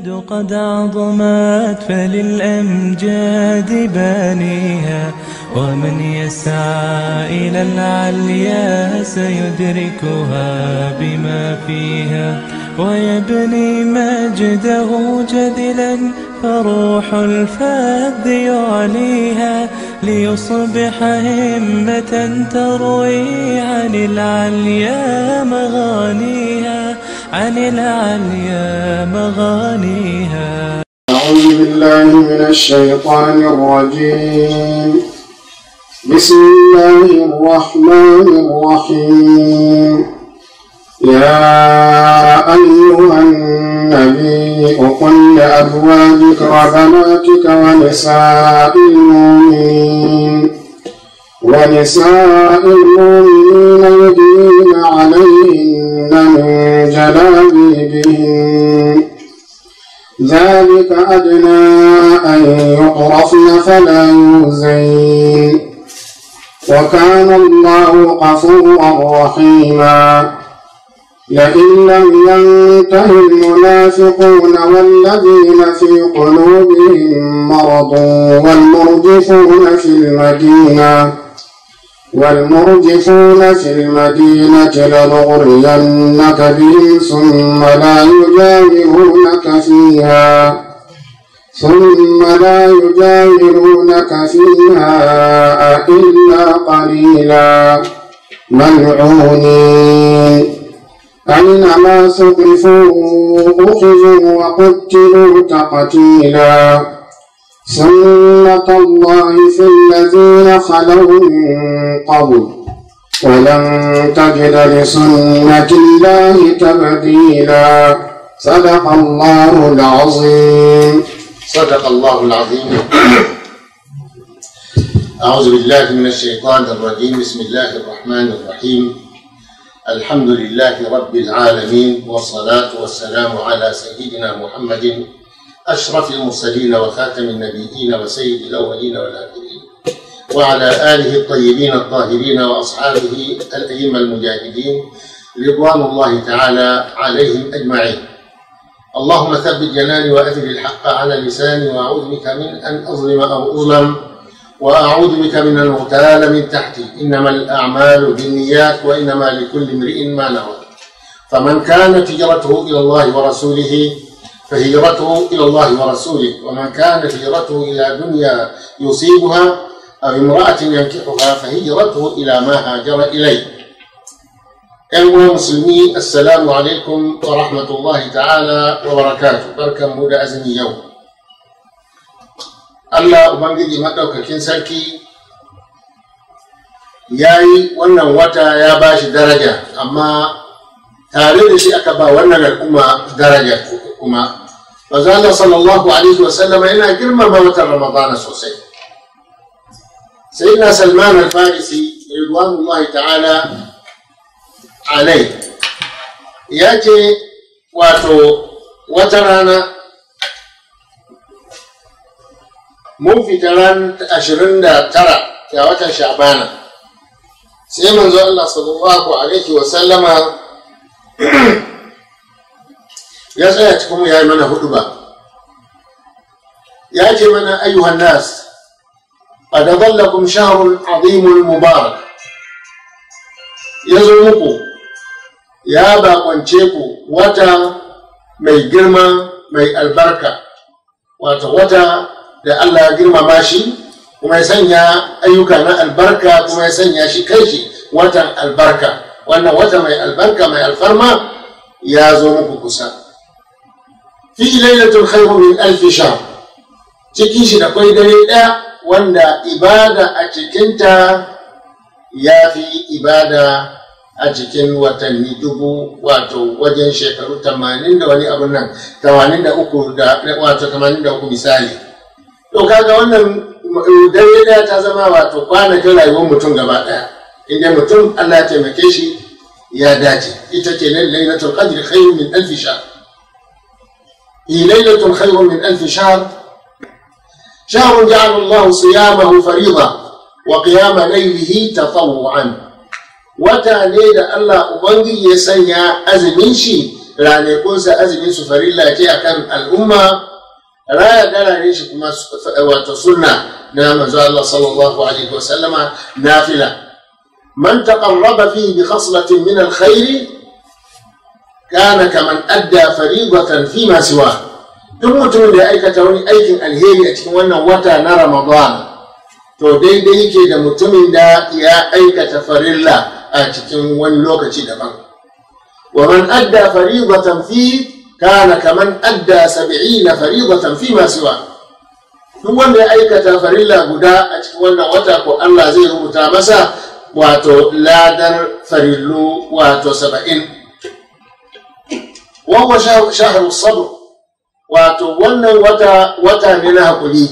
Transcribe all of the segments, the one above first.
الجود قد عظمت فللأمجاد بانيها ومن يسعى إلى العليا سيدركها بما فيها ويبني مجده جذلا فروح الفذ يعليها ليصبح همة تروي عن العليا مغانيها عن العليا مغانيها أعوذ بالله من الشيطان الرجيم بسم الله الرحمن الرحيم يا أيها النبي قل لأزواجك وبناتك ونساء المؤمنين ونساء المؤمنين يدين عليهم من جلابيبهن ذلك أدنى أن يقرفن فلا يؤذين وكان الله غفورا رحيما لئن لم ينته المنافقون والذين في قلوبهم مرض والمرجفون في المدينه والمرجفون في المدينة لنغرينك بهم ثم لا يجاورونك فيها ثم لا يجاورونك فيها إلا قليلا ملعونين أينما سقفوا أخذوا وقتلوا تقتيلا سنة الله في الذين خلوا من قبل ولن تجد لسنة الله تبديلا صدق الله العظيم صدق الله العظيم أعوذ بالله من الشيطان الرجيم بسم الله الرحمن الرحيم الحمد لله رب العالمين والصلاة والسلام على سيدنا محمد أشرف المرسلين وخاتم النبيين وسيد الأولين والآخرين وعلى آله الطيبين الطاهرين وأصحابه الأئمة المجاهدين رضوان الله تعالى عليهم أجمعين اللهم ثبت جناني وأثب الحق على لساني وأعوذ بك من أن أظلم أو أظلم وأعوذ بك من المغتال من تحتي إنما الأعمال بالنيات وإنما لكل امرئ ما نوى فمن كانت هجرته إلى الله ورسوله فهجرته إلى الله ورسوله ومن كانت هجرته إلى دنيا يصيبها أو امرأة ينكحها فهجرته إلى ما هاجر إليه أيها المسلمين السلام عليكم ورحمة الله تعالى وبركاته بركة مودة أزمي يوم الله Ubangiji maɗaukakin sarki ya yi wannan wata ya ba shi daraja, amma tare da shi aka ba درجة هما فقال صلى الله عليه وسلم إنا كلمة موت رمضان سوسي سيدنا سلمان الفارسي رضوان الله تعالى عليه يأتي واتو وترانا مو في تران أشرين دا ترى كاوتا شعبانا سيما الله صلى الله عليه وسلم ya tsaya cikinmu ya yi mana hudu ba ya ce mana ayyuhan nas a daballakum shahrun azimul mubarak ya zo muku ya bakwance ku wata mai girma mai albarka wato wata da allah girmama shi kuma ya sanya ayyuka na albarka kuma ya sanya shi kai shi watan albarka wannan wata mai albarka mai alfarma ya zo muku kusa fi lailatul khairu min alfi sha cikin shi da kwai dare ɗaya wanda ibada a cikinta ya fi ibada a cikin watanni dubu wato wajen shekaru tamanin da wani abun nan tamanin da uku wato tamanin da uku misali to kaga wannan eh, dare ɗaya ta zama wato kwana kwanakin rayuwar mutum gaba ɗaya inda mutum Allah ya taimake shi ya dace ita ce nan lailatul qadr khairun min alfi shahr هي ليلة خير من ألف شهر شهر جعل الله صيامه فريضة وقيام ليله تطوعا وتا ليلة ألا أبنجي يسنى أزمين شيء لأن يكون سأزمين سفر الله كي أكن الأمة لا يدل ليش كما وتصلنا نعم زال الله صلى الله عليه وسلم نافلة من تقرب فيه بخصلة من الخير kana kaman adda faridatan fi ma siwa duk mutumin da ya aikata wani aikin alheri a cikin wannan wata na ramadan to daidai yake da mutumin da ya aikata farilla a cikin wani lokaci daban wa man adda faridatan fi kana kaman adda sab'ina faridatan fi ma siwa duk wanda ya aikata farilla guda a cikin wannan wata ko Allah zai rubuta masa wato ladar farillu wato saba'in وهو شهر, شهر الصبر وتولنا وتا وتا منا هكولي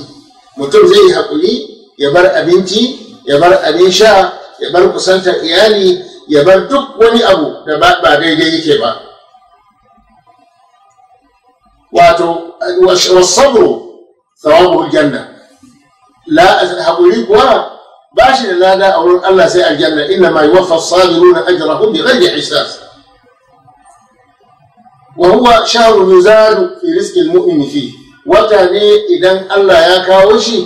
متر في هكولي يبر ابنتي يبر ابنشا يبر كسانتا ايالي يبر دك وني ابو نبا بعدين جاي كيما والصبر ثوابه الجنة لا هكولي كوا باش لا لا اقول الله سيء الجنة انما يوفى الصابرون اجرهم بغير حساب وهو شهر يزاد في رزق المؤمن فيه وتاني إذا الله يا كاوشي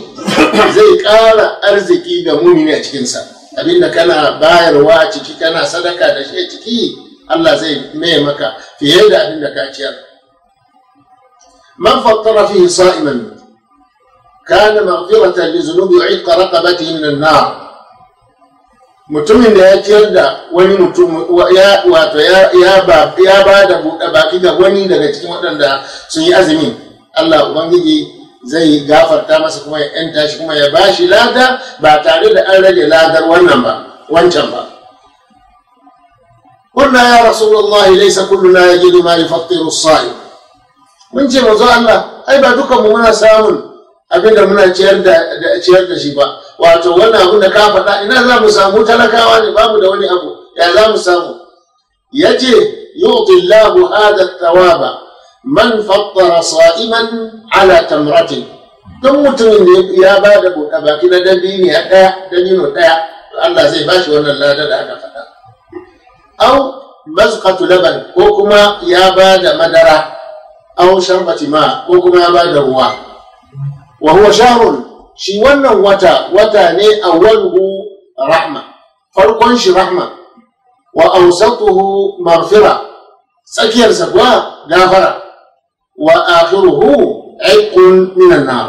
زي قال أرزقي ده مؤمن أتكنسا يعني أبين كان باير واتشي كان صدقة ده الله زي مي في هذا أبين ده من فطر فيه صائما كان مغفرة لذنوب يعيق رقبته من النار mutumin da ya ciyar da wani mutum ya wato ya ba da buɗe baki ga wani daga cikin waɗanda sun yi azumi Allah ubangiji zai gafarta masa kuma ya yanta shi kuma ya ba shi lada ba tare da an rage ladar wannan ba wancan ba قلنا يا رسول الله ليس كلنا يجد ما يفطر الصائم mun ce zo Allah ai ba dukan mu muna samun abinda muna ciyar da shi ba wato wannan abu da ka faɗa ina za mu samu talakawa ne babu da wani abu ya za mu samu ya ce yu'ti Allahu hadha man fattara sa'iman ala tamratin don mutumin ya ba da buɗa baki na dabini ya ɗaya dabino ɗaya Allah zai bashi wannan lada da aka faɗa au mazqatu laban ko kuma ya ba da madara au sharbati ma ko kuma ya ba da ruwa wa huwa shahrun shi wannan wata wata ne awwalhu rahma farkon shi rahma wa awsatuhu marfira tsakiyarsa kuwa gafara wa akhiruhu aiqun minan nar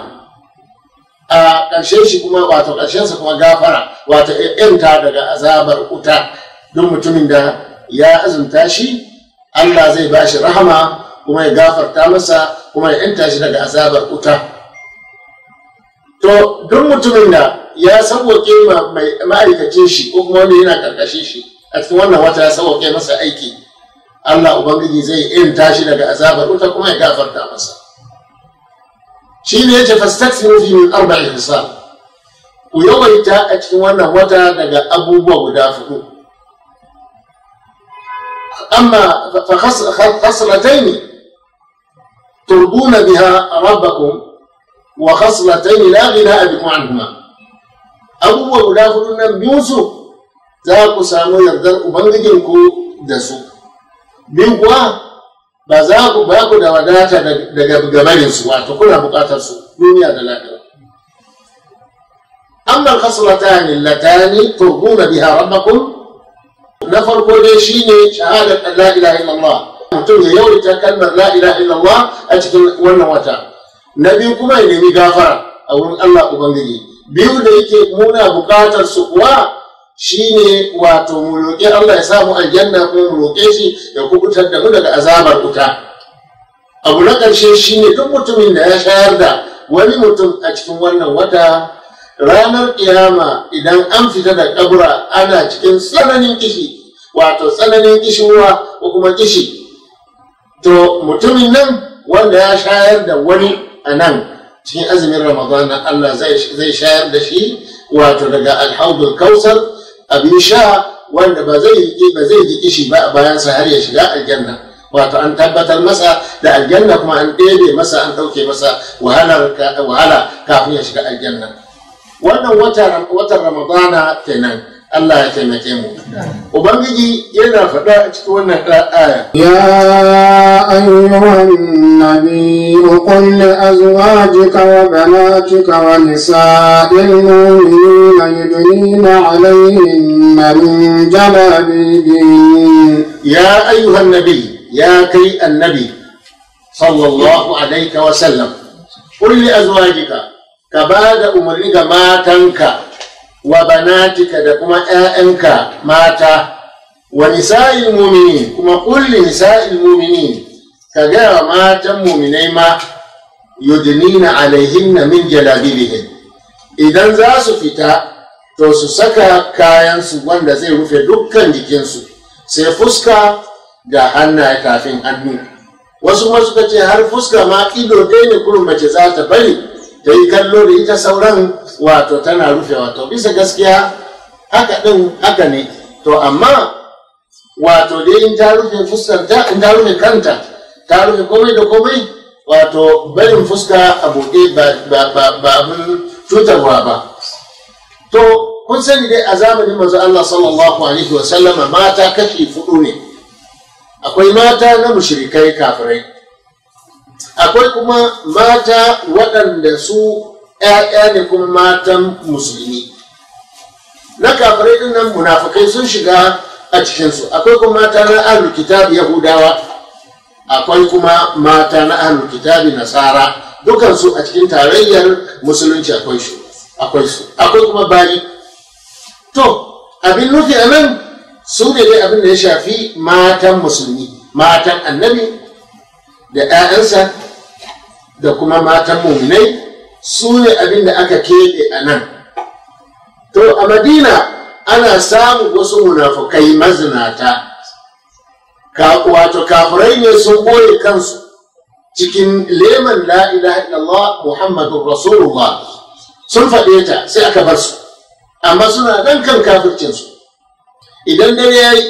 a ƙarshe shi kuma wato ƙarshensa kuma gafara wato ‘yanta daga azabar wuta don mutumin da ya azumta shi Allah zai ba shi rahama kuma ya gafarta masa kuma ya ‘yanta shi daga azabar wuta to duk mutumin da ya sauwaƙe ma'aikacin shi ko kuma wanda yana karkashin shi a cikin wannan wata ya sauwake masa aiki Allah Ubangiji zai irin tashi daga azabar wuta kuma ya gafarta masa shi ne yace fastaksiru fi min arba'in hisab ku yawaita a cikin wannan wata daga abubuwa guda hudu amma fa khaslatayn turbuna biha rabbakum wa khaslatayn la ghina bikum anhuma abubuwa guda hudu nan biyu za ku samu yardar ubangijinku da su biyu kuwa ba za ku ba da wadata daga gabanin su wato kuna bukatar su duniya da lafiya amma khaslatani allatani turbuna biha rabbakum na farko dai shine shahadar mutum ya yawaita kalmar la a cikin wannan wata na biyu kuma ya nemi gafara a wurin Allah Ubangiji biyu da yake muna buƙatar su kuwa shine wato mu roƙe Allah ya samu aljanna kuma mu roƙe shi ya kubutar da mu daga azabar wuta abu na ƙarshe shine duk mutumin da ya shayar da wani mutum a cikin wannan wata ranar kiyama idan an fita da kabura ana cikin tsananin kishi wato tsananin ruwa ko kuma kishi to mutumin nan wanda ya shayar da wani a nan cikin azumin ramadan nan Allah zai shayar da shi wato daga alhaudul kausar abin sha wanda ba zai ba zai ji kishi ba bayan sa har ya shiga aljanna wato an tabbatar masa da aljanna kuma an ɗebe masa an ɗauke masa wahala kafin ya shiga aljanna wannan watan ramadana kenan Allah ya taimake mu ubangiji yana faɗa a cikin wannan aya ya ayyuhan nabi qul li azwajika wa banatika wa nisa'il mu'minina yudnina 'alayhinna min jalabiyin ya ayyuhan nabi ya kai annabi sallallahu alaihi wa sallam qul li azwajika ka bada umarni ga matanka wa banatika da kuma ‘ya'yanka mata, wa nisa'il mumini kuma kulli nisa'il mumini ka gaya wa matan muminai ma yudnina alaihinna min jalabibihin idan za su fita to su saka kayansu wanda zai rufe dukkan jikinsu sai fuska da hannaye kafin hannu wasu ma suka ce har fuska ma ido dai ne kurum mace za ta bari ta yi kallo da ita sauran wato tana rufe wato bisa gaskiya haka ɗin haka ne to amma wato dai in ta rufe in ta rufe kanta ta rufe komai da komai wato barin fuska a buɗe ba cutarwa ba to kun sani dai a zamanin manzo Allah sallallahu alaihi wa sallama mata kashi fudu ne akwai mata na mushrikai kafirai akwai kuma mata waɗanda su ‘ya'ya ne kuma matan musulmi na kafirai ɗin nan munafukai sun shiga a cikinsu akwai kuma mata na ahlul yahudawa akwai kuma mata na ahlul nasara dukansu a cikin tarayyar musulunci akwai su akwai kuma bayi to abin nufi a nan su ne dai abin da ya shafi matan musulmi matan annabi da 'ya'yansa da kuma matan muminai su ne abin da aka keɓe a nan to a madina ana samun wasu munafukai mazinata wato kafirai ne sun ɓoye kansu cikin leman la muhammadu Allah Muhammadu rasulullah sun faɗe ta sai aka bar su amma suna dan kan kafircinsu idan dare ya yi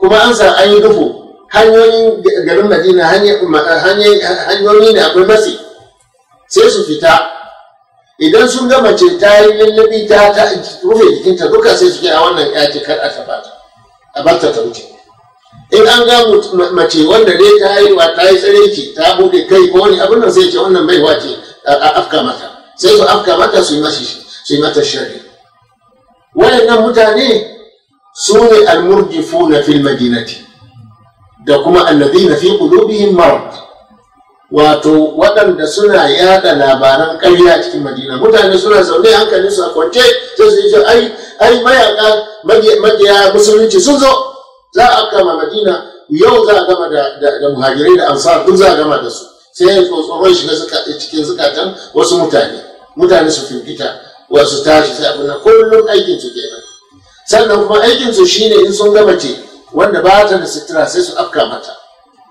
kuma an sa an yi dufu hanyoyin garin madina hanyoyi ne akwai matsi sai su fita idan sun gama ce ta yi lallabi ta ta rufe jikinta duka sai su a wannan yaki kar a taba ta a bata ta wuce in an ga mace wanda dai ta yi wa ta yi ki ta bude kai ko wani abin nan sai ce wannan bai wace a afka mata sai su afka mata su yi mashi su yi mata shari wayannan mutane su ne almurjifuna fil madinati da kuma alladhina fi qulubihim marad wato waɗanda suna yaɗa labaran ƙarya cikin madina mutane suna zaune hankalin su a kwance sai su ce ai ai mayaka magiya musulunci sun zo za a kama madina yau za a gama da muhajirai da ansar duk za a gama da su sai ya tsoron shiga cikin zukatan wasu mutane mutane su firgita wasu tashi sai abu na kullum aikin su kenan sannan kuma aikinsu su shine in sun gama ce wanda ba ta da sitira sai su afka mata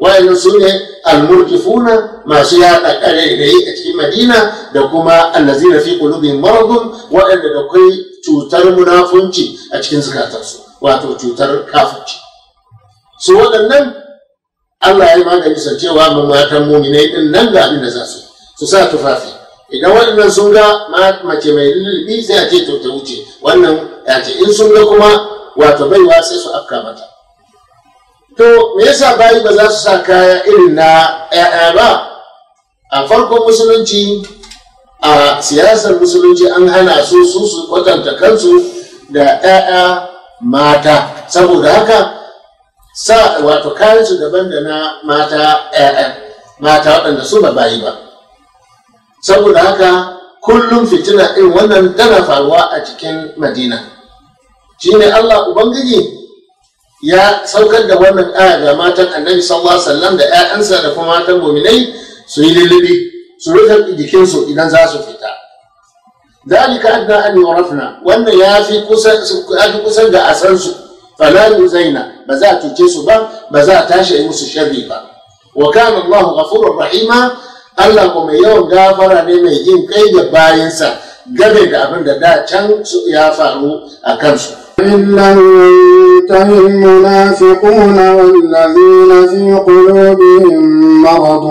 wayannan su ne almurjifuna masu yaɗa kare da yi a cikin madina da kuma allazina fi kulubin maradun waɗanda da kai cutar munafunci a cikin zukatansu wato cutar kafirci su waɗannan Allah ya yi magani san cewa mun matan muminai ɗin nan ga abin da za su su sa tufafi idan waɗannan sun ga mace mai lullubi sai a ce to ta wuce wannan ya ce in sun ga kuma wato baiwa sai su afka mata to me yasa bayi ba za su sa kaya irin na ƴaƴa ba a farkon musulunci a siyasar musulunci an hana su su su kwatanta kansu da ƴaƴa mata saboda haka sa wato kayan su daban da na mata ƴaƴa, mata waɗanda su ba bayi ba saboda haka kullum fitina irin wannan tana faruwa a cikin madina Shi ne allah ubangiji ya saukar da wannan aya ga matan annabi sallallahu alaihi wasallam da ƴaƴansa da kuma matan mu'minai su yi lullubi su rufe jikinsu idan za su fita dalika adna an yurafna wannan ya fi kusa ya fi kusa da asan su fala yuzaina ba za a cuce su ba ba za a tashi yi musu sharri ba wa kana Allah ghafurur rahima Allah kuma yawan gafara ne mai jin kai da bayansa game da abin da da can ya faru a kansu إلا ينتهي المنافقون والذين في قلوبهم مرض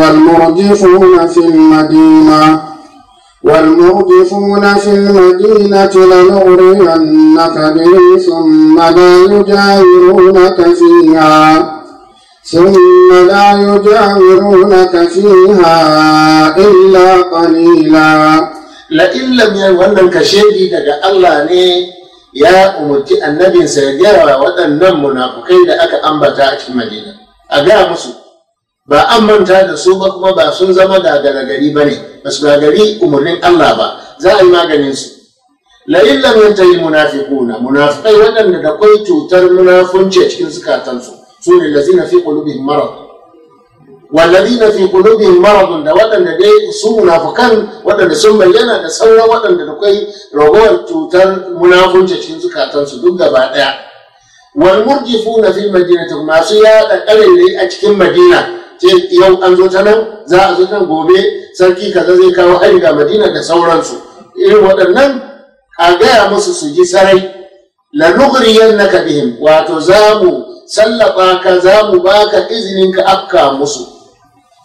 والمرجفون في المدينة والمرجفون في المدينة لنغرينك به ثم لا يجاورونك فيها ثم لا يجاورونك فيها إلا قليلا لئن لم يولنك شيء daga الله ne ya umarci annabinsa ya gaya waɗannan munafukai da aka ambata a cikin madina a gaya musu ba an manta da su ba kuma ba sun zama da gari ba ne ba su gagari umarnin allah ba za a yi maganinsu la'in ta yi munafiquna munafiqai waɗanda da kwai cutar munafunci a cikin zukatansu su ne lazina fi qulubihim marad na fi qulubihim maradun da waɗanda dai su munafukan waɗanda sun bayyana da sauran waɗanda da kai ragowar cutar munafunce cikin zukatansu duk gaba ɗaya wal murjifuna fi madinati masu yaɗa yi a cikin madina yau an zo ta nan za a zo ta gobe sarki kaza zai kawo hari ga madina da sauransu irin waɗannan a gaya musu su ji sarai la na bihim wato za mu sallaba ka za mu baka izinin ka afka musu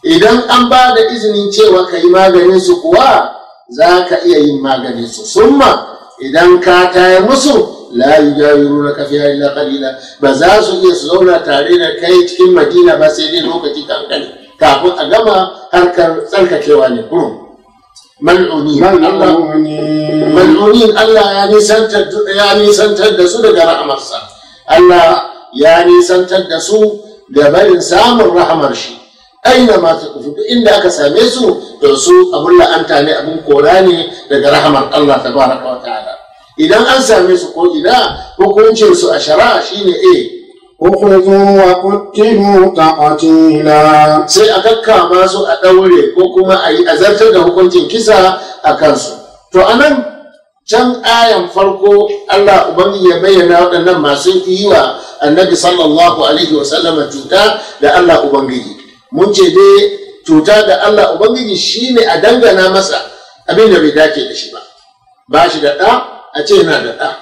idan an ba da izinin cewa ka yi maganin su kuwa za ka iya yin maganin su summa idan ka taya musu la yujawiru na kafiya illa qalila ba za su iya su zauna tare da kai cikin madina ba sai dai lokaci kankani kafin a gama harkar tsarkakewa ne kurum hmm. mal'uni Allah ya nisantar da su daga rahamarsa Allah ya nisantar da su da barin samun rahamar shi aina ma ta kufu duk inda aka same su da su abun la'anta ne abin kora ne daga rahamar Allah tabaraka wa ta'ala idan an same su ko ina hukuncin su a shari'a shine eh ukhudhu wa qutilu taqatila sai a kakkama su a ɗaure ko kuma a yi azartar da hukuncin kisa a kansu to anan can ayan farko Allah ubangiji ya bayyana waɗannan masu yi wa annabi sallallahu alaihi wa sallama cuta da Allah ubangiji mun ce dai cuta ga Allah Ubangiji shi ne a dangana masa abinda bai dace da shi ba ba shi da ɗa a ce yana da ɗa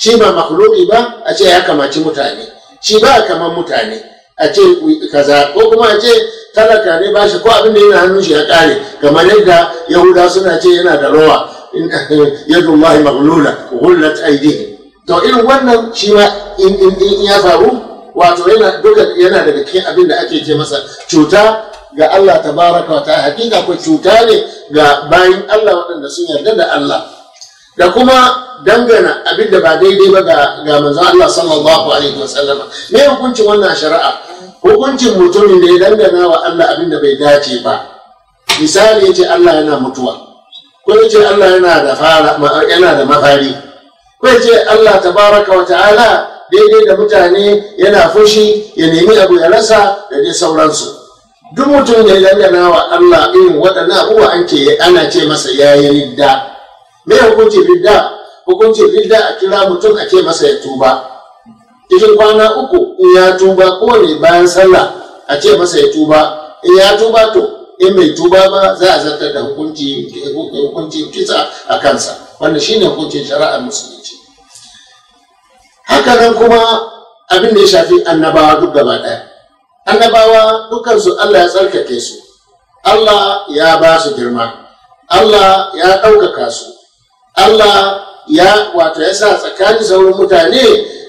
shi ba makhluki ba a ce ya kamaci mutane shi ba kamar mutane a ce kaza ko kuma a ce talaka ne ba shi ko abinda da yana hannun shi ya ƙare kamar yadda yahuda suna ce yana da rawa yadda Allah maglula hullat aidihi to irin wannan shi ma in ya faru wato yana duka yana daga cikin abin da ake ce masa cuta ga Allah tabaraka wa ta'ala hakika ko cuta ne ga bayin Allah waɗanda sun yarda da Allah da kuma dangana abin da ba daidai ba ga manzon Allah sallallahu alaihi wasallam me hukuncin wannan shari'a hukuncin mutumin da ya dangana wa Allah abin da bai dace ba misali yace Allah yana mutuwa ko yace Allah yana da fara yana da mafari ko yace Allah tabaraka wa ta'ala daidai da mutane yana fushi ya nemi abu ya rasa da dai sauransu duk mutum da ya dangana wa Allah irin waɗannan abubuwa an ke ana ce masa ya yi ridda me hukunci ridda hukunci ridda a kira mutum a ce masa ya tuba cikin kwana uku in ya tuba ne bayan sallah a ce masa ya tuba in ya tuba to in bai tuba ba za a zartar da hukunci kisa a kansa wanda shine hukuncin shari'ar musulmi haka nan kuma abin da ya shafi annabawa duk gaba ɗaya annabawa dukansu allah ya tsarkake su allah ya ba su girma allah ya ɗaukaka su allah ya wato ya sa tsakanin sauran mutane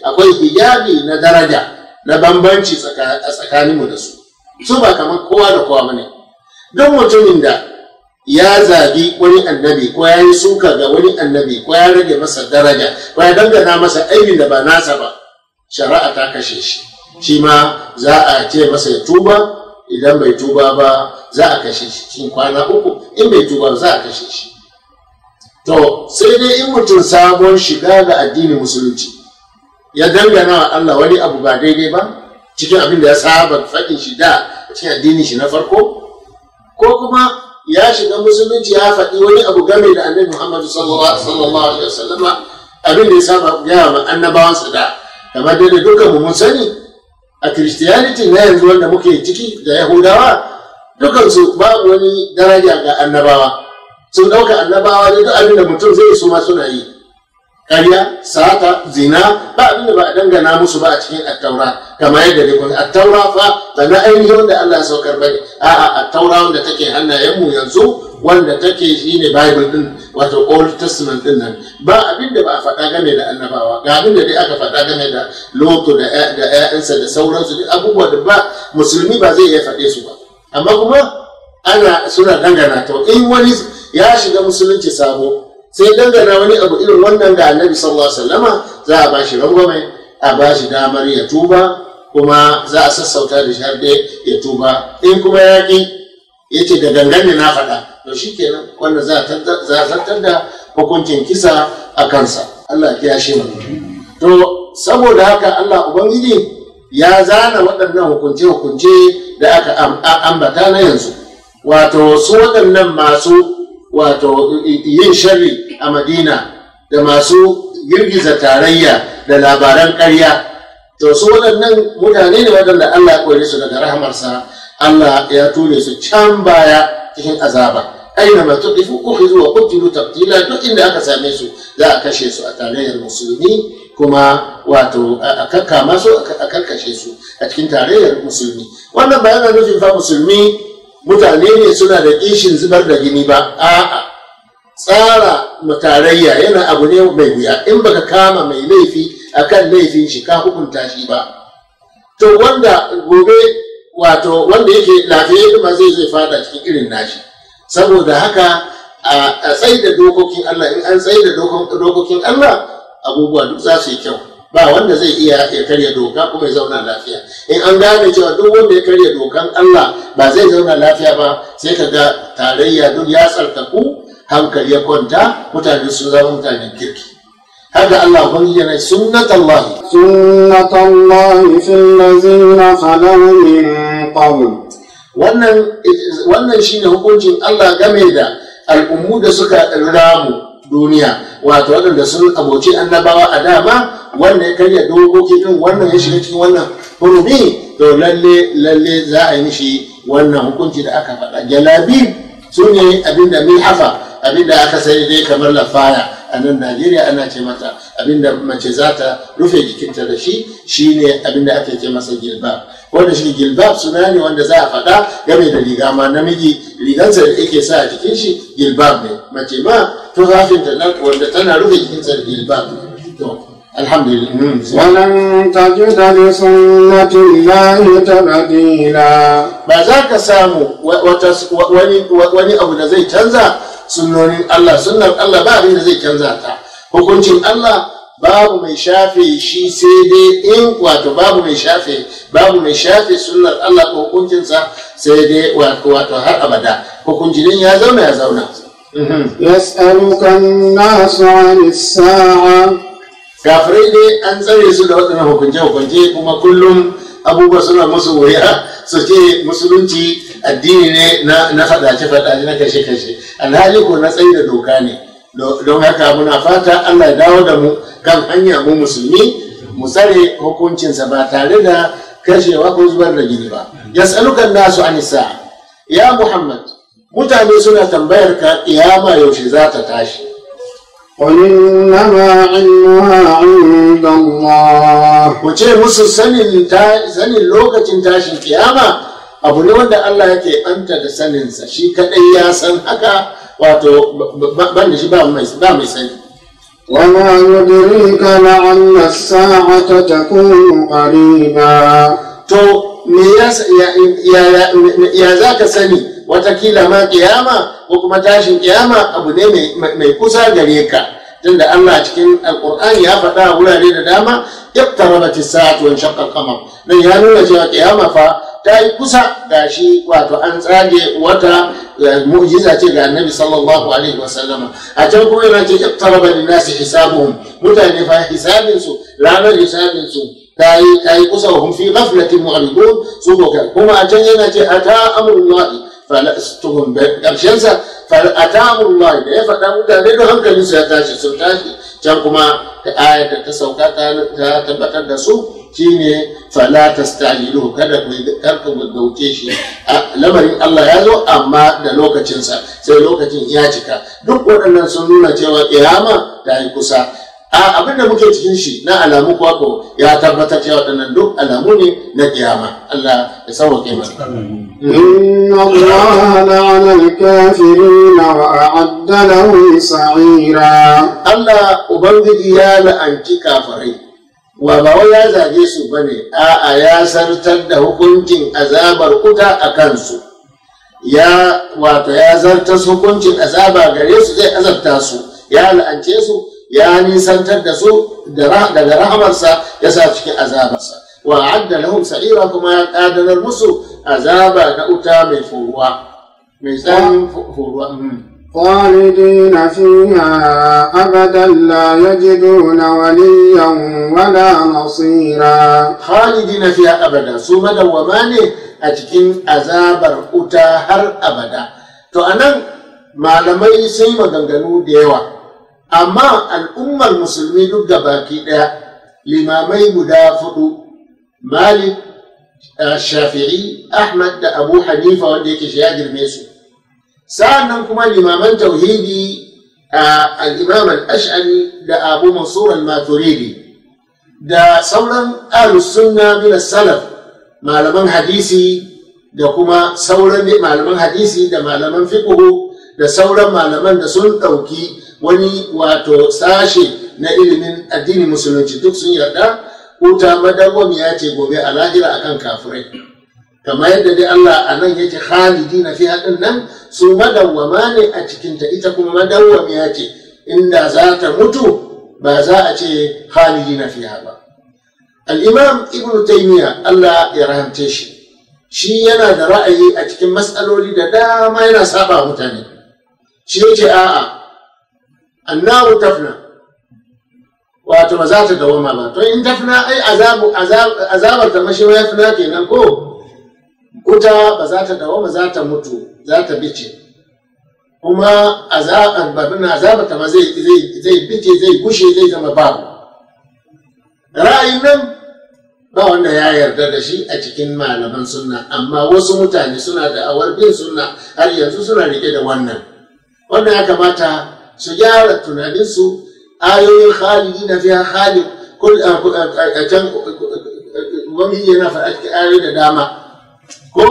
akwai hijabi na daraja na bambanci a tsakaninmu da su su ba kamar kowa da kowa bane don mutumin da ya zabi wani annabi ko ya yi suka ga wani annabi ko ya rage masa daraja ko ya dangana masa aibin da ba nasa ba shari'a ta kashe shi shi ma za a ce masa ya tuba idan bai tuba ba za a kashe shi cikin kwana uku in bai tuba za a kashe shi to sai dai in mutum sabon shiga ga addinin musulunci ya dangana wa Allah wani abu ba daidai ba cikin abin da ya saba faɗin shi da cikin addinin shi na farko ko kuma ya shiga musulunci ya faɗi wani abu game da annabi Muhammad sallallahu alaihi wasallam abin da ya saba gaya ma annabawan da kamar dai da dukkan mu mun sani a Christianity na yanzu wanda muke ciki da Yahudawa dukkan su babu wani daraja ga annabawa sun ɗauka annabawa ne duk abin da mutum zai so ma suna yi ƙarya sata zina ba abin da ba a dangana musu ba a cikin attaura kamar yadda dai kun attaura fa ba na ainihi wanda Allah ya saukar bane a'a attaura wanda take mu yanzu wanda take ne bible din wato old testament din nan ba abin da ba a faɗa game da annabawa ga abin da dai aka faɗa game da loto da ƴaƴansa da sauransu duk abubuwa da ba musulmi ba zai iya faɗe su ba amma kuma ana suna dangana to in wani ya shiga musulunci sabo sai dangana wani abu irin wannan da annabi sallallahu alaihi wasallama za a bashi rangwame a bashi damar ya tuba kuma za a sassauta da shi har da ya tuba in kuma ya ki ya ce da gangan ne na faɗa to shi kenan wanda za a zartar da hukuncin kisa a kansa Allah ya shi to saboda haka Allah ubangiji ya zana waɗannan hukunce-hukunce da aka ambata na yanzu wato su waɗannan masu wato yin sharri a madina da masu girgiza tarayya da labaran karya, to su waɗannan mutane ne waɗanda Allah ya kore su daga rahamarsa Allah ya ture su can baya cikin azaba aina ma tuqifu ukhizu wa qutilu tabtila duk inda aka same su za a kashe su a tarayyar musulmi kuma wato a kakka masu a karkashe su a cikin tarayyar musulmi wannan bayanan nufin fa musulmi mutane ne suna da kishin zubar da gini ba a'a tsara matarayya yana abu ne mai wuya in baka kama mai laifi akan laifin shi ka hukunta shi ba to wanda gobe wato wanda yake lafiya kuma zai zai fada cikin irin nashi saboda haka a tsaida dokokin Allah in an tsaida dokokin Allah abubuwa duk za su yi kyau ba wanda zai iya ya karya doka kuma ya zauna lafiya in an gane cewa duk wanda ya karya dokan Allah ba zai zauna lafiya ba sai ka ga tarayya duk ya tsartaku hankali ya kwanta mutane su zama mutane kirki هذا الله بين سنة الله سنة الله في الذين خلوا min قبل wannan wannan shine hukuncin Allah game da al'ummu da suka ramu duniya wato waɗanda sun aboci annabawa a dama wanda ya karya dokoki kan wannan ya shiga cikin wannan hurumi to lalle lalle za a yi mishi wannan hukunci da aka faɗa jalabi su ne abinda min hafa abinda aka sai dai kamar lafaya a nan najeriya ana ce mata abinda mace za ta rufe jikinta da shi shi ne abinda aka ce masa Gilba. wanda shi gilbab suna ne wanda za a faɗa game da riga ma namiji rigansa da yake sa a jikin shi gilbab ne mace ma nan wanda tana rufe jikinsa da ba to ولن تجد لسنة ta radina. ba za ka samu wani abu da zai canza sunnonin Allah sunnar Allah ba abin da zai canza ta hukuncin Allah babu mai shafe shi sai dai in wato babu mai shafe babu mai shafe sunnar Allah ko hukuncinsa sai dai wato har abada hukuncin ya zauna ya zauna يسألك الناس عن الساعة kafirai dai an tsare su da waɗannan hukunce-hukunce kuma kullum abubuwan suna musu wuya su ce musulunci addini ne na faɗace-faɗace na kashe-kashe alhali ko na tsaye da doka ne don haka muna fata allah ya dawo da mu kan hanyar mu musulmi mu tsare hukuncinsa ba tare da kashewa ko zubar da gini ba yasalukan nasu anisa ya muhammad mutane suna tambayar ka ƙiyama yaushe za ta tashi قل إنما ce musu sanin lokacin tashin kiyama abu ne wanda Allah yake anta da saninsa shi kaɗai ya san haka wato ban da shi ba mai sani وما يدريك ta الساعة تكون قريبا to me ya ya ya za ka sani watakila ma kiyama ko kuma tashin kiyama abu ne mai kusa gare ka tunda Allah cikin alkur'ani ya faɗa a wurare da dama iqtarabat as-sa'atu wa shaqqa qamar nan ya nuna cewa kiyama fa ta yi kusa da shi wato an tsage wata eh, mu'jiza ce ga annabi sallallahu alaihi wasallama a can kuma yana ce iqtaraba lin-nasi hisabuhum mutane fa hisabinsu ranar hisabinsu ta yi kusa wa hum fi ghaflatin mu'ridun su kuma a can yana ce ata amrullahi falastuhum karshen sa falatahullah da ya faɗa mutane da hankalin su ya tashi sun tashi can kuma ta da ta sauka ta tabbatar da su shine fala tastajiluhu kada ku karka gaggauce shi lamarin Allah ya zo amma da lokacinsa sai lokacin ya cika duk waɗannan sun nuna cewa kiyama ta yi kusa a abin da muke cikin shi na alamu ko ya tabbatar cewa waɗannan duk alamu ne na kiyama Allah ya sauke mana إن الله لعن الكافرين وأعد لهم سعيرا الله أبنجي يا لأنتي كافرين wa ba wai ya zage su ba ne a'a ya zartar da hukuncin azabar kuta a kansu ya wato ya zartar hukuncin azaba gare su zai azabta su ya la'ance su ya nisantar da su daga rahamarsa ya sa azabarsa wa adda lahum sa'ira kuma ya kadanar musu azaba na uta mai furuwa mai tsayin furuwa خالدين فيها أبدا لا يجدون وليا ولا نصيرا خالدين فيها أبدا سوما دوماني أجكين أزابر أتاهر أبدا تو أنا ما لم يسيما دنغنو ديوا أما الأمة المسلمين دباكي لما ما يمدافعوا malik eh, shafi'i ahmad da abu hanifa wanda yake shi ya girme su Sannan kuma limaman tauhidi a eh, al’imam al’ash’ari da abu mansur al-maturidi da sauran ahlus sunna salaf malaman hadisi da kuma sauran malaman hadisi da malaman fiqhu da sauran malaman da sun ɗauki wani wato sashe na ilimin addini musulunci duk sun yarda huta ya ce gobe a lahira akan kafirai kamar yadda dai Allah a nan yake halidi na fi haɗin nan su madawwama ne a cikinta ita kuma ya ce inda za ta mutu ba za a ce halidi na fi ba al'imam ibn taimiya Allah ya rahamce shi shi yana da ra'ayi a cikin matsaloli da dama yana saba mutane shi yake a'a annahu tafna wato ba za ta ma ba to in tafna ai azabu azabar ta mashi ya fina kenan ko kuta ba za ta dawama za ta mutu za ta bice kuma azabar babin azabar ta ma zai zai bice zai kushe zai zama babu ra'ayin nan ba wanda ya yarda da shi a cikin malaman sunna amma wasu mutane suna da awar bin sunna har yanzu suna rike da wannan wannan ya kamata su gyara tunaninsu ayoyin khalidi na fiya khalid kul a can gwamnati yana faɗa cikin ayoyi da dama ko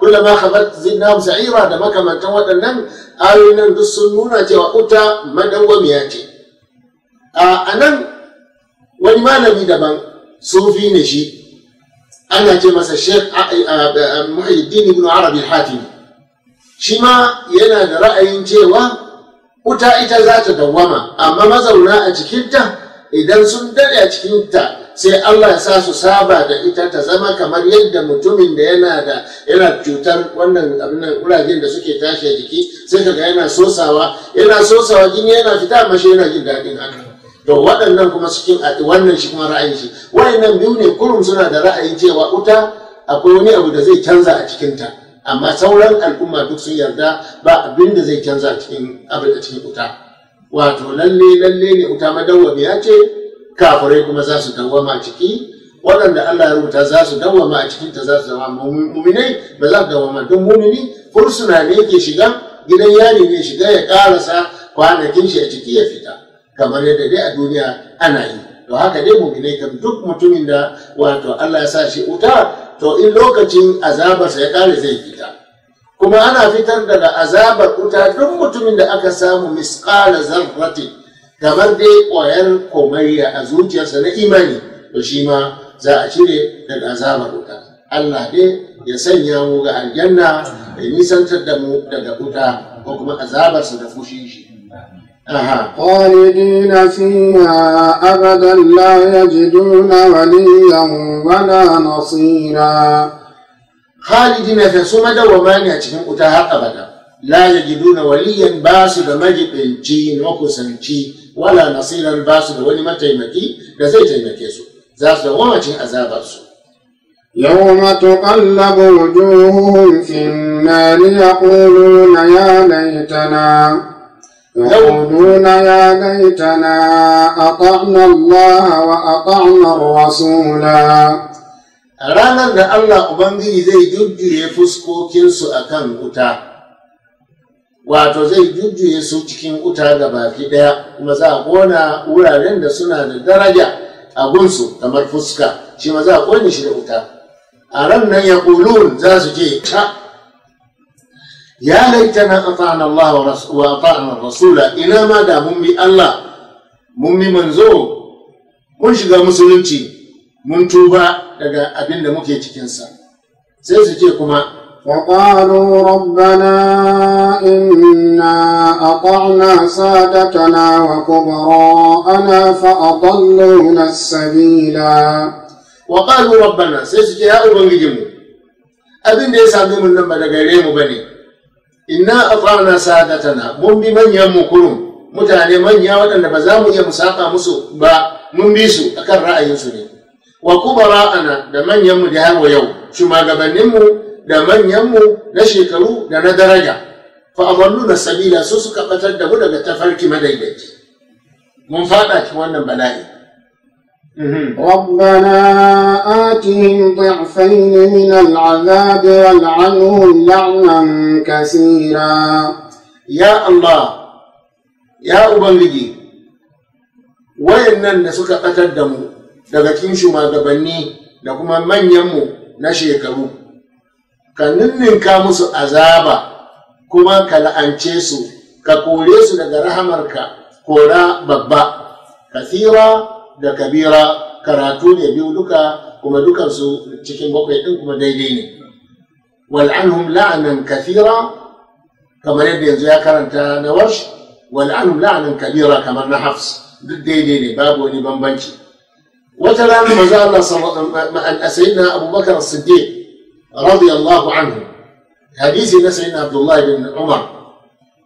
kula ma khabat zidnahum sa'ira da makamantan waɗannan ayoyin nan duk sun nuna cewa uta madangwamiya ce a nan wani malami daban sufi ne shi ana ce masa shek muhyiddin ibn arabi hatimi shi ma yana da ra'ayin cewa wuta ita za ta dawwama amma mazauna a cikinta idan sun dade a cikinta sai Allah ya sa su saba da ita ta zama kamar yadda mutumin da yana da yana cutar wannan abin kurajen da suke tashi a jiki sai kaga yana sosawa yana sosawa jini yana fita mashi yana jin daɗin haka to waɗannan kuma cikin wannan shi kuma ra'ayin shi wayannan biyu ne kurum suna da ra'ayin cewa wuta akwai wani abu da zai canza a cikinta amma sauran al'umma duk sun yarda ba abin da zai canza cikin abin da cikin wuta wato lalle lalle ne wuta madawwami ya ce kafirai kuma za su dawwama ciki waɗanda Allah ya rubuta za su dawwama a cikin ta za su zama muminai ba za su dawwama don mumini fursuna ne ke shiga gidan yari ne shiga ya karasa kwanakin shi a ciki ya fita kamar yadda dai a duniya ana yi to haka dai muminai kam duk mutumin da wato Allah ya sa shi wuta to in lokacin azabarsa ya kare zai fita kuma ana fitar daga azabar wuta duk mutumin da aka samu misƙala zarratin kamar dai ƙwayar komayya a zuciyarsa na imani to shi ma za a cire daga azabar wuta Allah dai ya sanya mu ga aljanna ya nisantar da mu daga wuta ko kuma azabarsa da fushi shi خالدين فيها أبدا لا يجدون وليا ولا نصيرا خالدين فيها سوما دوما ne a cikin wuta har abada la yajiduna waliyan ba su da majibinci makusanci wala nasiran ba su da wani mataimaki da zai taimake su za su dawama cikin azabarsu يوم تقلب وجوههم في النار يقولون يا ليتنا يقولون يا ليتنا أطعنا الله وأطعنا الرسولا ranar da Allah Ubangiji zai jujjuye fuskokinsu a kan wuta, wato zai jujjuye su cikin wuta ga baki ɗaya, kuma za a ƙona wuraren da suna da daraja a gunsu kamar fuska, shi ma za a ƙone shi da wuta. A ran nan ya za su je ta ya laitana ata'ana Allah wa ata'ana rasula ina ma da mun bi Allah mun bi manzo mun shiga musulunci mun tuba daga abin da muke cikinsa sai su ce kuma فقالوا ربنا إنا أطعنا سادتنا وكبراءنا فأضلونا السبيلا وقالوا ربنا سيسجي هؤلاء أبن أبين دي دي سابقون لما دقيرين بني inna ata'na sadatana mun bi manyan mu kurum mutane manya waɗanda ba za mu iya musaka musu ba mun bi su akan ra'ayinsu ne wa kubara'ana da manyan mu da har yau shugabannin mu da manyan mu na shekaru da na daraja fa amallu na sabila su suka batar da mu daga tafarki madaidaici mun fada cikin wannan bala'i ربنا آتهم ضعفين من العذاب والعنهم لعنا كثيرا يا الله يا أبنجي wayannan da suka ɓatar da mu daga cikin shugabanni da kuma manyanmu na shekaru ka ninninka musu azaba kuma ka la'ance su ka kore su daga rahamarka kora babba kasira da kabira karatu ne biyu duka kuma dukansu cikin bakwai ɗin kuma daidai ne wal'anhum la'anan kathira kamar yadda yanzu ya karanta na warsh wal'anhum la'anan kabira kamar na hafs duk daidai ne babu wani bambanci wata rana maza Allah sayyidina abubakar siddiq radiyallahu anhu hadisi na sayyidina abdullahi bin umar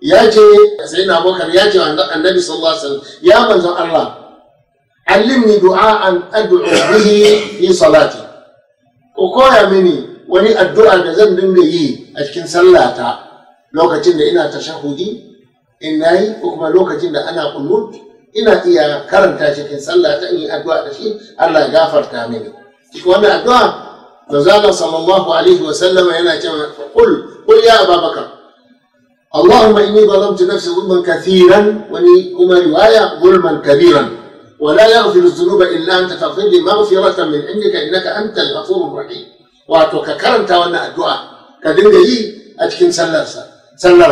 ya ce sayyidina abubakar ya ce annabi sallallahu alaihi wa wasallam ya manzon Allah allimni du'a'an ad'u bihi fi salati ko koya mini wani addu'a da zan dinga yi a cikin sallata lokacin da ina tashahudi in nayi ko kuma lokacin da ana qunut ina iya karanta cikin sallata in yi addu'a da shi Allah ya gafarta mini cikin wannan addu'a manzo sallallahu alaihi sallama yana cewa qul qul ya ababakar اللهم إني ظلمت نفسي ظلما كثيرا ولي كما رواية ظلما كبيرا ولا يغفر الذنوب إلا أنت فاغفر لي مغفرة من عندك إنك أنت الغفور الرحيم wato ka karanta wannan addu'a ka dinga yi a cikin sallarsa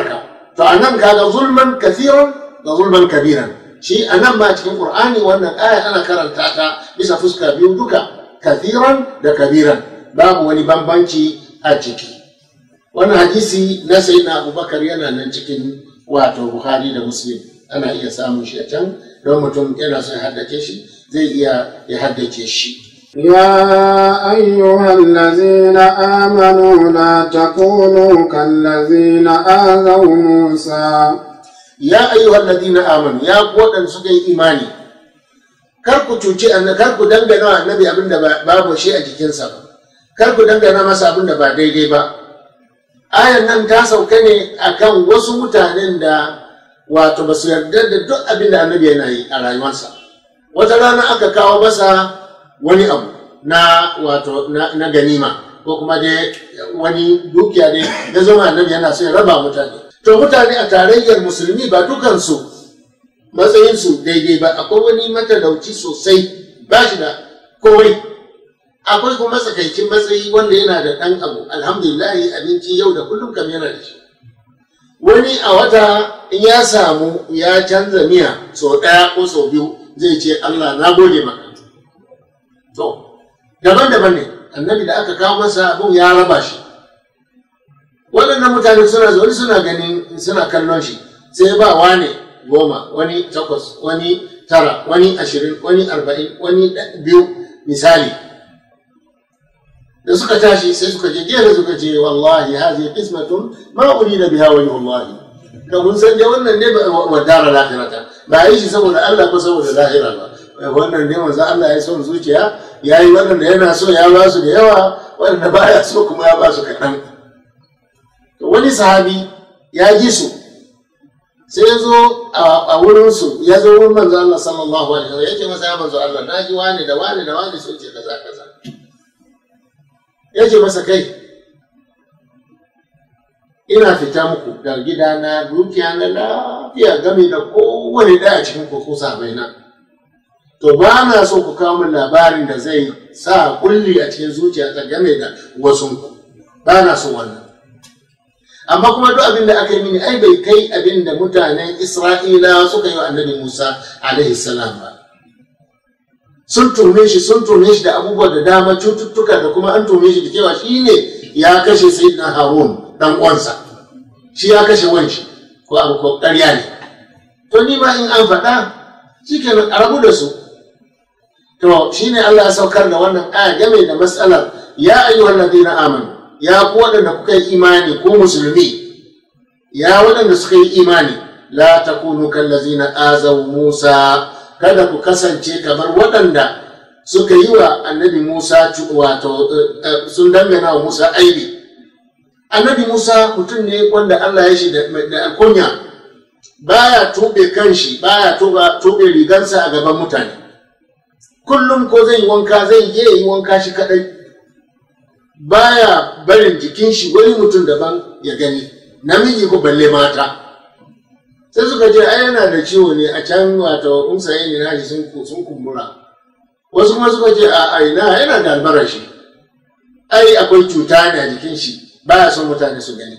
ka. to anan kaga zulman kathiran da zulman kabiran shi anan ma cikin Kur'ani wannan aya ana karanta ta bisa fuska biyu duka kathiran da kabiran babu wani bambanci a ciki wannan hadisi na sayyidina abubakar yana nan cikin wato buhari da muslim ana iya samun shi a can don mutum yana son haddace shi zai iya ya haddace shi يا أيها الذين آمنوا لا تكونوا كالذين آذوا موسى يا أيها الذين آمنوا يا قوة سكي إيماني kar ku cuci kar ku dangana na annabi abin da babu shi a jikinsa ba kar ku dangana masa abin da ba daidai ba ayan nan ta sauka ne a kan wasu mutanen da wato ba su yarda da duk abin da annabi yana yi a rayuwarsa wata rana aka kawo masa wani abu na wato na, ganima ko kuma dai wani dukiya ne da zama annabi yana so ya raba mutane to mutane a tarayyar musulmi ba dukansu matsayinsu daidai ba akwai wani matalauci sosai ba shi da kowai akwai kuma matsakaicin matsayi wanda yana da ɗan abu alhamdulillah abinci yau da kullum kam yana da shi wani a wata in ya samu ya canza miya sau ɗaya ko sau biyu zai ce Allah na gode maka to daban-daban ne annabi da aka kawo masa abin ya raba shi waɗannan mutane suna zaune suna ganin suna kallon shi sai ba wane goma wani takwas wani tara wani ashirin wani arba'in wani biyu misali da suka tashi sai suka je gera suka ce wallahi hazi qismatun ma urida biha wallahi. da kun san dai wannan ne ba dara lahirata ba yi shi saboda Allah ko saboda lahira ba wannan ne manzo Allah ya son zuciya yayi wannan da yana so ya ba su da yawa wanda baya so kuma ya ba su kaɗan wani sahabi ya ji su sai zo a wurinsu ya zo wurin manzo Allah sallallahu alaihi wasallam yake masa ya manzo Allah na ji wani da wani da wani so ce kaza kaza ya ce masa kai ina fita muku da gida na dukiya na lafiya game da kowane ɗaya cikin kuku sabai na to ba na so ku kawo min labarin da zai sa kulli a cikin ta game da wasunku ba na so wannan amma kuma duk abin da aka yi mini ai bai kai abin da mutanen isra'ila suka yi wa annabi musa alaihi salam ba sun tume shi sun tume shi da abubuwa da dama cututtuka da kuma an tume shi da cewa shi ne ya kashe na harun dan uwansa shi ya kashe wanshi ko abu ko ƙarya ne to ni ma in an faɗa shi ke rabu da su to shi ne Allah ya saukar da wannan aya game da matsalar ya wannan ladina amin ya ku waɗanda kuka yi imani ko musulmi ya waɗanda suka yi imani la takunu kallazina azaw musa kada ku kasance kamar waɗanda suka yi wa annabi Musa wato eh, eh, sun dangana wa Musa aibi. Annabi Musa mutum ne wanda Allah ya shi da alkunya baya tuɓe kanshi baya tuɓe rigansa a gaban mutane. Kullum ko zai yi wanka zai iya yi wanka shi kaɗai. Baya barin jikin shi wani mutum daban ya gani, namiji ko balle mata. sai suka ce ai yana da ciwo ne a can wato umsaye ne nashi sun kumbura wasu kuma suka ce a aina yana da albara shi. ai akwai cuta na a jikin shi ba baya son mutane su gani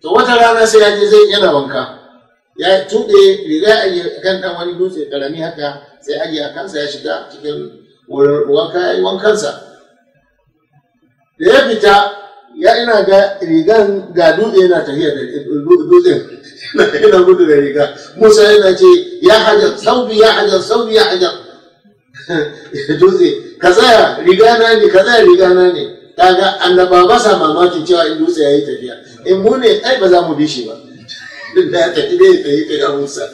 to wata rana sai ya je zai yana wanka ya tuɗe riga a kan ɗan wani dutse ƙarami haka sai aji a kansa ya shiga cikin wanka wankansa da ya fita ya ina ga rigan ga dutse yana tafiya da dutsen yana gudu da riga musa yana ce ya hajar saudi ya hajar saudi ya hajar dutse ka tsaya riga na ne ka tsaya riga na ne kaga annaba ba sa mamakin cewa in dutse ya yi tafiya in mu ne ai ba za mu bi shi ba duk da ya tafi dai ta yi tafiya musa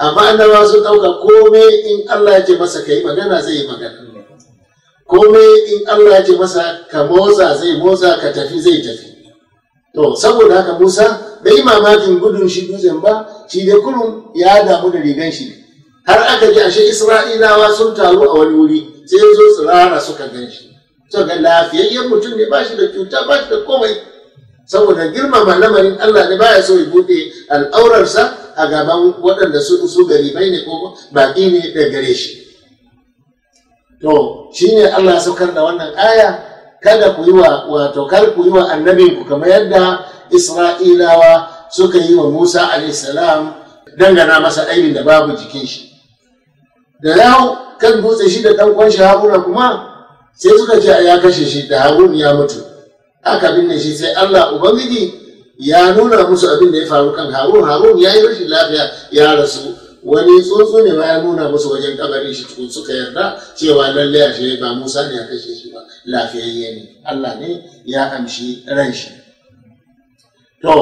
amma annaba sun ɗauka komai in allah ya ce masa ka yi magana zai yi magana komai in allah ya ce masa ka motsa zai motsa ka tafi zai tafi to saboda haka musa bai yi mamakin gudun shi dutsen ba shi da kurum ya damu da rigan shi har aka ji ashe isra'ilawa sun taru a wani wuri sai zo rara suka gan shi to ga lafiyayyen mutum ne ba shi da cuta ba shi da komai saboda girmama lamarin Allah ne baya so ya bude al'aurarsa a gaban waɗanda su su bai ne ko baƙi ne da gare shi to shine Allah saukar da wannan aya kada ku yi wa wato kar ku yi wa ku, kamar yadda isra'ilawa suka yi wa musa salam dangana masa aibin da babu jikin shi da yawo kan dutse shi da ɗan kwanshi haruna kuma sai suka ce ya kashe shi da harun ya mutu aka binne shi sai allah ubangiji ya nuna musu abin da ya faru kan harun harun ya yi rashin lafiya ya rasu wani tsotso ne ya nuna musu wajen kabarin shi tukun suka yarda cewa lallai a shi ba musa ne ya kashe shi ba lafiyayye ne allah ne ya amshi ran shi to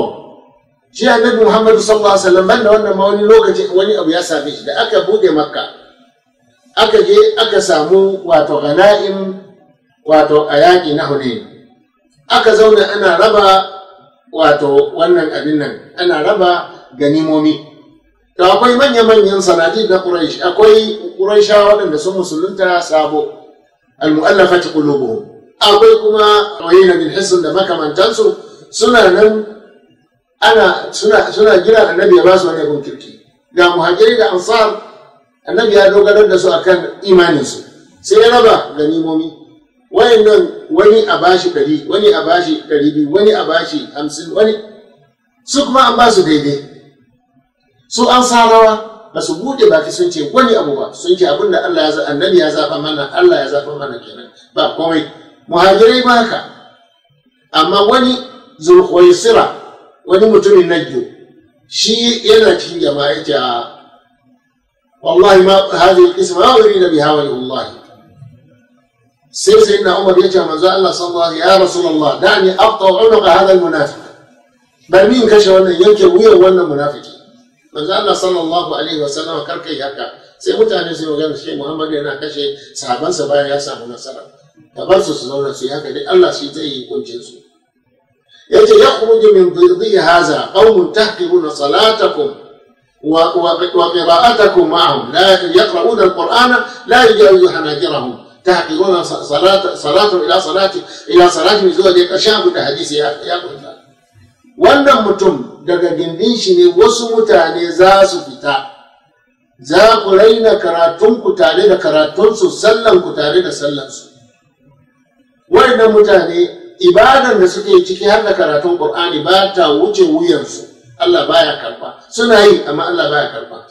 shi annabi muhammadu sallallahu alaihi wasallam banda wannan ma wani lokaci wani abu ya same shi da aka bude makka aka je aka samu wato gana'im wato a yaƙi na hune aka zauna ana raba wato wannan abin nan ana raba ganimomi da akwai manya-manyan sanadi na Quraysh akwai Quraysha waɗanda sun musulunta sabo al-mu'allafati akwai kuma wayna bin hisn da makamantansu suna nan ana suna suna jira annabi ya ba su wani abin kirki ga muhajiri da ansar annabi ya dogara da su akan imaninsu sai ya raba nimomi wayannan wani a bashi ɗari wani a bashi ɗari biyu wani a bashi hamsin wani su kuma an ba su daidai su an sarawa ba su bude baki sun ce wani abu ba sun ce abin da Allah ya zaɓa annabi ya zaba mana Allah ya zaɓa mana kenan ba komai muhajirai ba haka amma wani zulhuwaisira wani mutumin najjo shi yana cikin jama'a ya ce ah, wallahi ma hadhihi al-isma ma urida biha wa wallahi sai sai na umar ya ce manzo Allah sallallahu alaihi ya rasulullah dani aqta unuqa hadha al-munafiq bar min kashe wannan yanke wuyan wannan munafiki manzo Allah sallallahu alaihi wasallam kar kai haka sai mutane su ga shi Muhammad yana kashe sa bayan ya samu nasara ta bar su su zauna su yi haka dai Allah shi zai yi kuncin su yace ya khuruju min dhidhi hadha qaumun tahqiruna salatakum wa wa wa qira'atakum وقراءتكم معهم لا يقرؤون القرآن لا يجاوز حناجرهم تحققون صلاة صلاة إلى صلاة إلى صلاة من زوج الشام حديث يا يا wannan mutum daga gindin shi ne wasu mutane za su fita za ku raina karatunku tare da karatunsu sallanku tare da sallansu wannan mutane ibadan da suke ciki har da karatun Qur'ani ba ta wuce wuyansu Allah baya karba suna yi amma Allah baya karba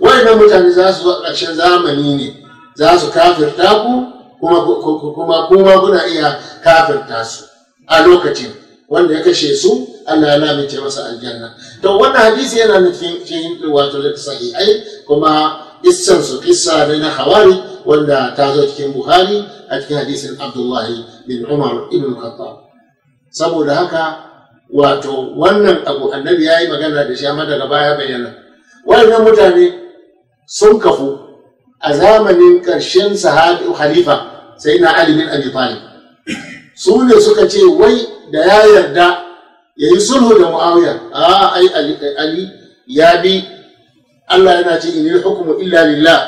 wannan mutane za su zo ƙarshen zamani ne za su kafirta ku kuma kuma kuma kuna iya kafirta su a lokacin wanda ya kashe su Allah ya lamince masa aljanna to wannan hadisi yana da cikin wato da sahihai kuma issan su kissa ne na hawari wanda ta zo cikin buhari a cikin hadisin abdullahi bin umar ibn khattab saboda haka wato wannan abu annabi ya yi magana da shi amma daga baya bayyana wannan mutane sun kafu a zamanin ƙarshen sahabi khalifa sai na ali bin abi talib su ne suka ce wai da ya yarda ya yi sulhu da muawiya a ai ali ya bi allah yana ce inil hukmu illa lillah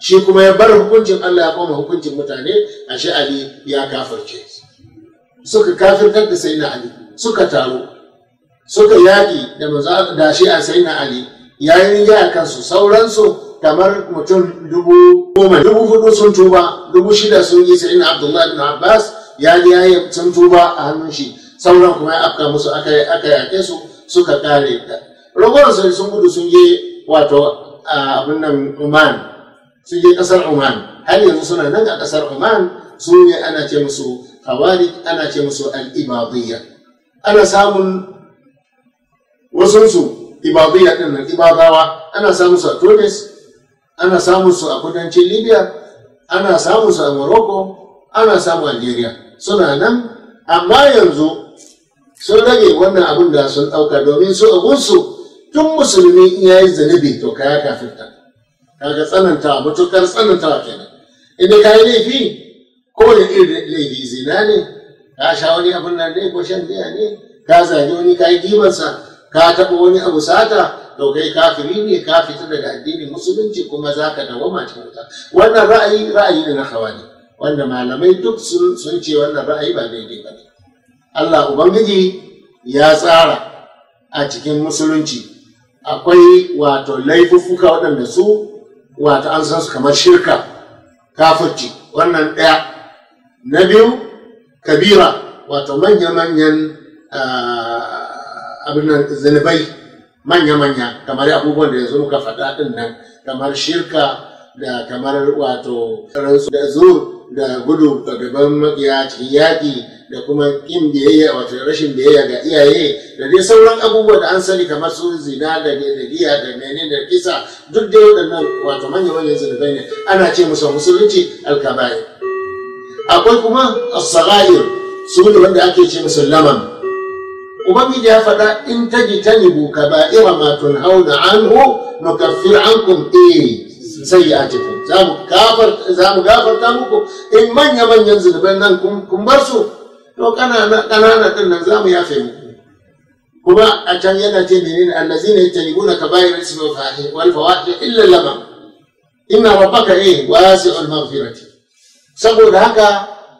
shi kuma ya bar hukuncin allah ya koma hukuncin mutane a shi ali ya kafirce suka kafirtar da sayyidina ali suka taro. suka yaki da da shi a sayyidina ali yayin ya kansu su kamar mutum dubu goma dubu hudu sun tuba dubu shida sun yi sayyidina abdullahi bin abbas ya yi yi sun tuba a hannun shi sauran kuma ya afka musu aka yi aka yake su suka kare ta rogon sai sun gudu sun je wato a abin nan Oman sun je kasar Oman har yanzu suna nan a kasar Oman su ne ana ce musu khawarij ana ce musu al-ibadiyya ana samun wasunsu ibadiyya din nan ibadawa ana samun su a Tunis ana samun su a kudancin Libya ana samun su a Morocco ana samun Algeria suna nan amma yanzu sun rage wannan abin da sun ɗauka domin su abunsu tun musulmi in ya yi zunubi to ka ya kafirta kaga tsananta matukar tsananta kenan inda ka yi laifi ko da irin laifi zina ne ka sha wani abin nan ne ko shan biya ne ka zage wani ka yi gibansa ka taɓa wani abu sata to kai kafiri ne ka fita daga addinin musulunci kuma za ka dawama cikin wuta wannan ra'ayi ra'ayi ne na ne, wanda malamai duk sun ce wannan ra'ayi ba daidai ba ne Allah Ubangiji ya tsara a cikin musulunci akwai wato laifuffuka waɗanda su wato an san su kamar shirka kafirci wannan ɗaya na biyu kabira wato manya-manyan abin zinibai manya-manya kamar abubuwan da yanzu muka faɗa ɗin nan kamar shirka da kamar wato da zur da gudu da gaban makiya cikin yaƙi da kuma kin biyayya wato rashin biyayya ga iyaye da dai sauran abubuwa da an sani kamar su zina da giya da mene da kisa duk dai waɗannan wato manya manyan zunubai ne ana ce musu musulunci alkabari akwai kuma as-sagair su ne wanda ake ce musu laman ubangiji ya faɗa in ba kaba'ira ma tunhauna anhu nukaffir ankum eh sayyi'atikum za mu gafarta muku in manya manyan zunubai nan kun bar su to kanana kanana din nan zamu yafe mu kuma a can yana ce menene allazina yatanibuna kaba'ir ismi wal fawahish wal illa laban inna rabbaka eh wasi'ul maghfirati saboda haka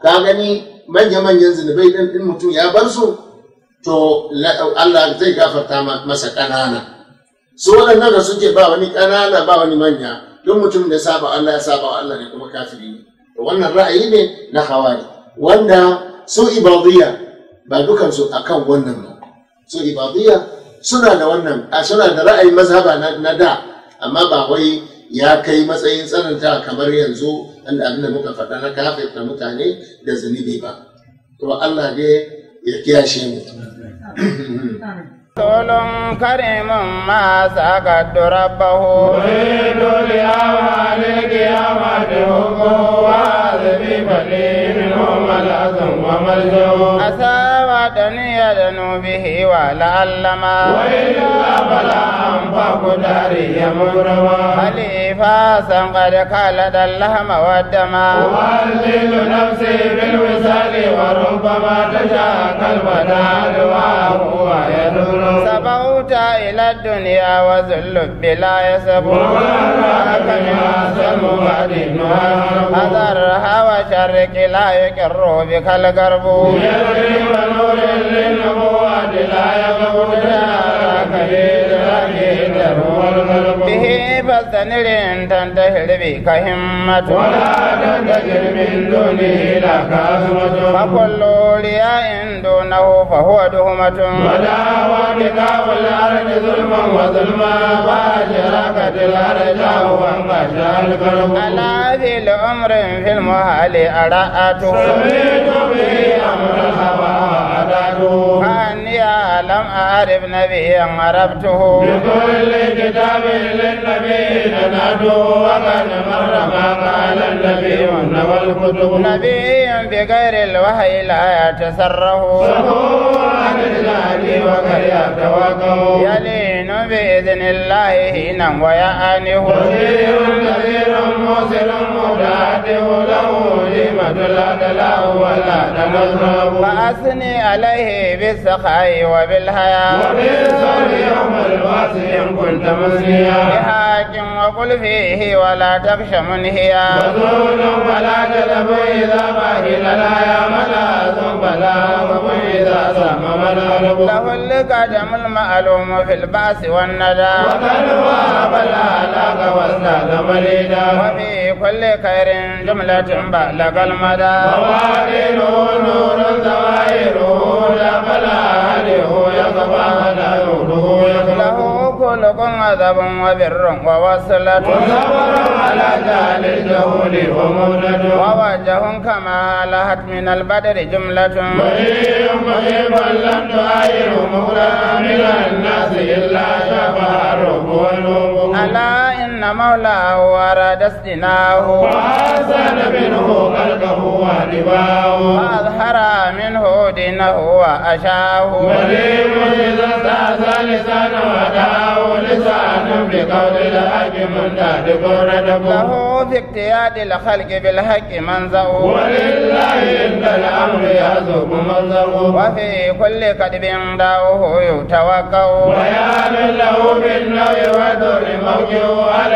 ka gani manya manyan zunubai din din mutum ya bar su to Allah zai gafarta masa kanana su waɗannan da suke ba wani kanana ba wani manya duk mutum da saba Allah ya saba Allah ne kuma kafiri ne wannan ra'ayi ne na hawari wanda su ibadiyya ba dukansu akan wannan ba su ibadiyya suna da wannan a suna da ra'ayin mazhaba na da amma ba wai ya kai matsayin tsananta kamar yanzu inda abin da muka faɗa na kafirta mutane da zunubi ba to Allah dai ya kiyashe mu Tolon karimin ma saka durabahu. Wai dole awa ne ke awa da hukowa da ملجأ وملجأ أثار وطني ذنوبه علما وإلا فلا أنفق داري مغرما خليفة قد خلد اللهم والدما أهلل نفسي بالوصال وربما تشاكى البدال وهو يدور سبوت إلى الدنيا وزل بلا يسبو وراك ناس المبادن أذرها وشرك لا يكر بك الغرب يدري ونور sanirin dan ta hirbi ka himmatu wala dan da jirmin duni la kasmatu fa kullu riya'in dunahu fa huwa duhmatun wala wa biqawil ardi zulman wa zulma wa jaraka dil arja wa qashal qalbu لم أعرف نبيا عرفته بكل كتاب للنبي نناده وقد مر ما قال النبي والكتب نبي بغير الوحي لا يتسره صفوا عن الله وقد يتوقوا يلي بإذن الله هنا ويأنه نذير نذير موسر مباده له لمد الأدلاء ولا تنظر فأثني عليه بالسخاء وبالحياة وبالصبر يوم الواسع إن كنت مسنيا بحاج وقل فيه ولا تخش منهيا وزول فلا تذهب إذا باهل لا يا ثم لا إذا سمم له القدم المعلوم في الباس wannada wakalwa bala laga wasa zamare da wami kwalli kairin jumlatin ba lagalmada wawade nono nono zawaye nono da bala لكم وذب وبر ووصلة وصبر على جهل الجهول ومولد ووجه كما لهت من البدر جملة بهي مهيب لم تعير مغرى من الناس إلا شفاه الرب ألا مولاه ورد استناه وأزال منه قلبه ولواه وأظهر منه دينه وأشاه وليم إذا استعزى لسان وداه لسان بقول الحق منداد قرده له في اقتياد الخلق بالحق منزه ولله عند الأمر يذوب منزه وفي كل كذب داوه يتوكه ويا له بالنوي والدر موجه على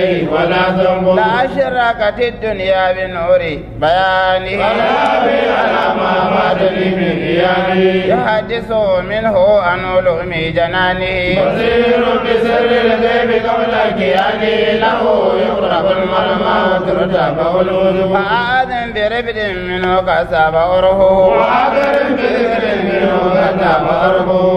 عليه ولا تنقض لأشرقت الدنيا بنور بيانه ولا على ما فاتني من ديانه يحدث منه عن لؤم جنانه بصير بسر الغيب قبل كيانه له يقرب المرمى وترتب الوجوه فآذن بربد منه كسب أره وأقرب بذكر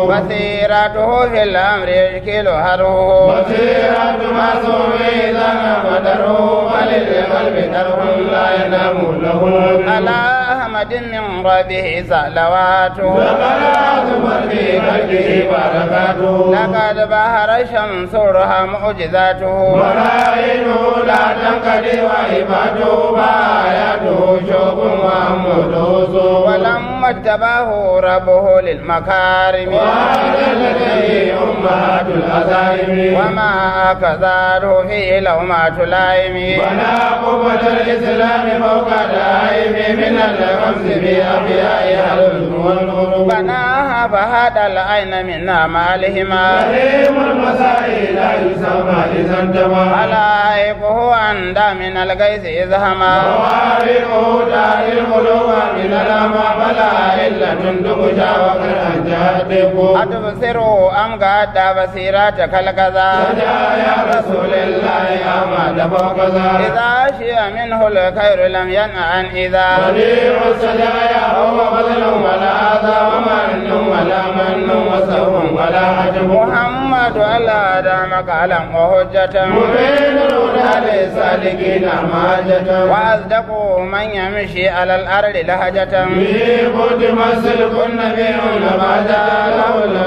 بصيرته في الأمر يشكل هره بصيرة معصومي لنا بدره وللقلب درب لا ينام له على أحمد من ربه صلواته لقد في قلبه بركاته لقد بهر الشمس رها معجزاته ورائده لا تنقضي وعباده وآياته شوق وأمره ولم يوم اجتباه ربه للمكارم التي أمهات الأزارم وما أكثره في لومات لائم ولا قوة الإسلام فوق دائم من الغمز بأبيائها والغروب بناها فهدى العين من أمالهما كريم المسائل لا يسمى إذا انتما ألائقه عند من الغيث إذ هما موارقه دار القلوب من الأمام لا illa min dubu jawa kan anja debo. A tu siru an da basira ta kalgaza. Ya ya rasulillahi amma da ba kaza. Iza min hul kairu lam yan an iza. Bani rusa ya ya huwa wala azamu mannun wala mannun wasa wala hajjibu. to ala adama kalan wa hujjata mu'minu dalil salikin amajata wa azdaqu man yamshi ala al-ardi la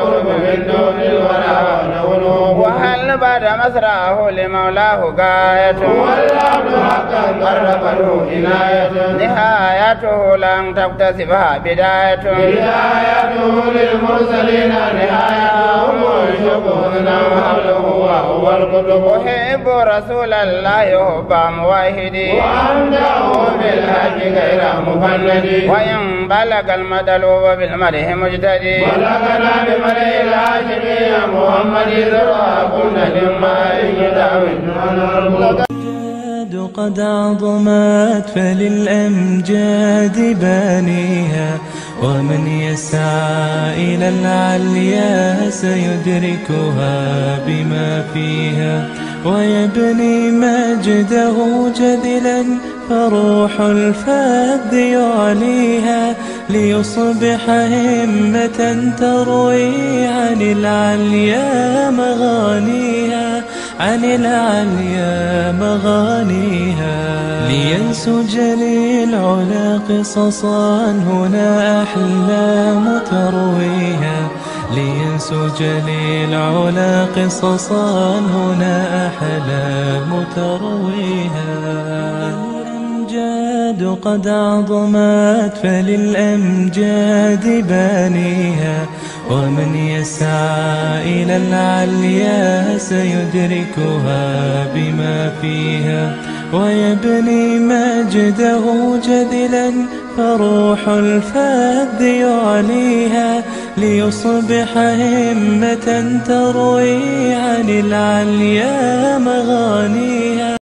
urbu wala wa hal bada masrahu li mawlahu gayatu wala lam taktasibha bidayatu bidayatu lil mursalina nihayatu أحب رسول الله يهبى موحدي وأنده بالحج غير مفندي وإن بلغ المدلوب بالمره مجتدي بلغنا بمره الهاشمي محمد ذرى كنا لما من يدعو قد عظمت فللأمجاد بانيها ومن يسعى إلى العليا سيدركها بما فيها ويبني مجده جدلا فروح الفذ يعليها ليصبح همة تروي عن العليا مغانيها عن العليا مغانيها لينسج للعلا قصصا هنا أحلام ترويها لينسج للعلا قصصا هنا أحلام ترويها الأمجاد قد عظمت فللأمجاد بانيها ومن يسعى إلى العليا سيدركها بما فيها ويبني مجده جدلا فروح الفذ يعليها ليصبح همة تروي عن العليا مغانيها